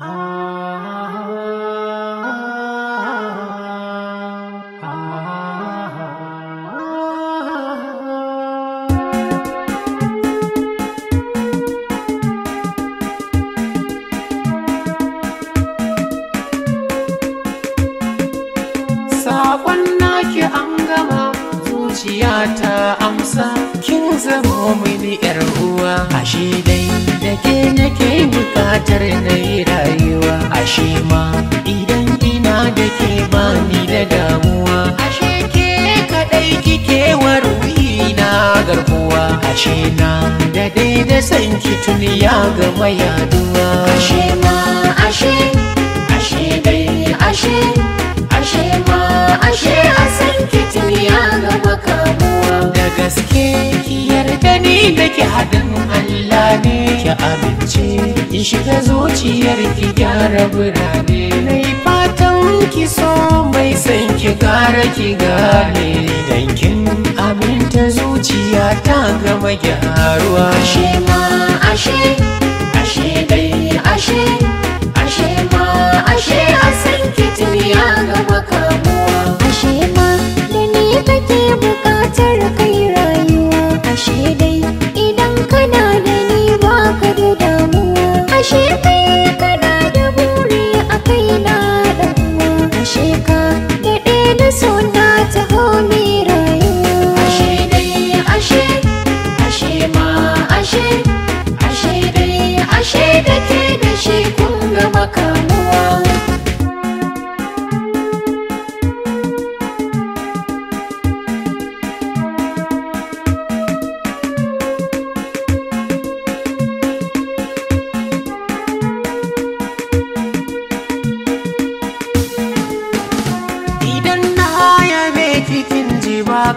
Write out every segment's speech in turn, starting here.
Saƙon naki an gama zuciya ta amsa. zama mini yar uwa ashe dai da ke nake bukatar na yi rayuwa ashe ma idan ina da ke bani da damuwa ashe ke kadai kike warwi na garkuwa ashe na da dai da san ki tuni ya gama yaduwa ashe ma ni da ki haɗin Allah ne ki amince shiga zuciyar ki gyara birane na yi fatan ki so mai san ki ki gane idan kin aminta zuciya ta gama gyaruwa shi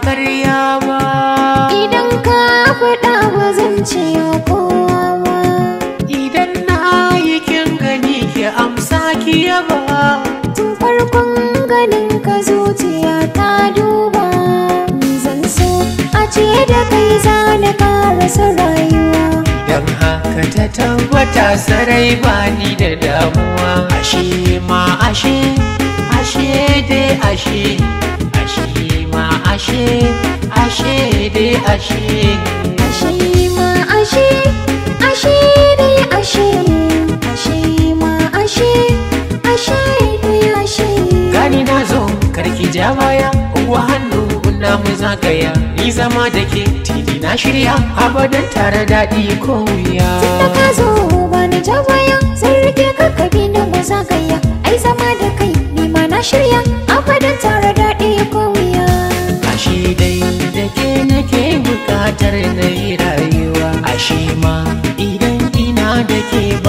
karya ba idan ka faɗa ba zan ce kowa ba idan na yi kin gani ki amsa ki yaba tun farkon ganin ka zuciya ta duba zan so a ce da kai za na karasa rayuwa idan haka ta tabbata sarai ba ni da damuwa ashe ma ashe ashe dai ashe ashe ashe dai ashe ashe ma ashe ashe dai ashe ashe ma ashe ashe dai ashe gani na zo karki ja baya uwa hannu na mu zagaya ni zama da ke titi na shirya abadan tare daɗi ko wuya da ka zo ba ni ja baya zan rike ka kabi na mu zagaya ai zama da kai ni ma na shirya abadan tare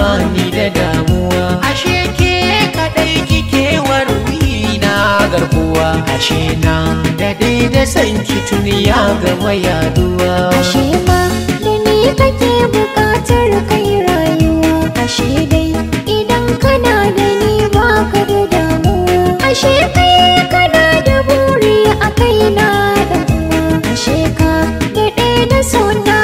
bani ni da damuwa ashe ke kadai kike warwi na garkuwa ashe na da dai da san ki ya ga yaduwa. ashe ma da ni kake bukatar kai rayuwa ashe dai idan kana da ni ka da damuwa ashe kai kana da buri a kaina da ashe ka da da sona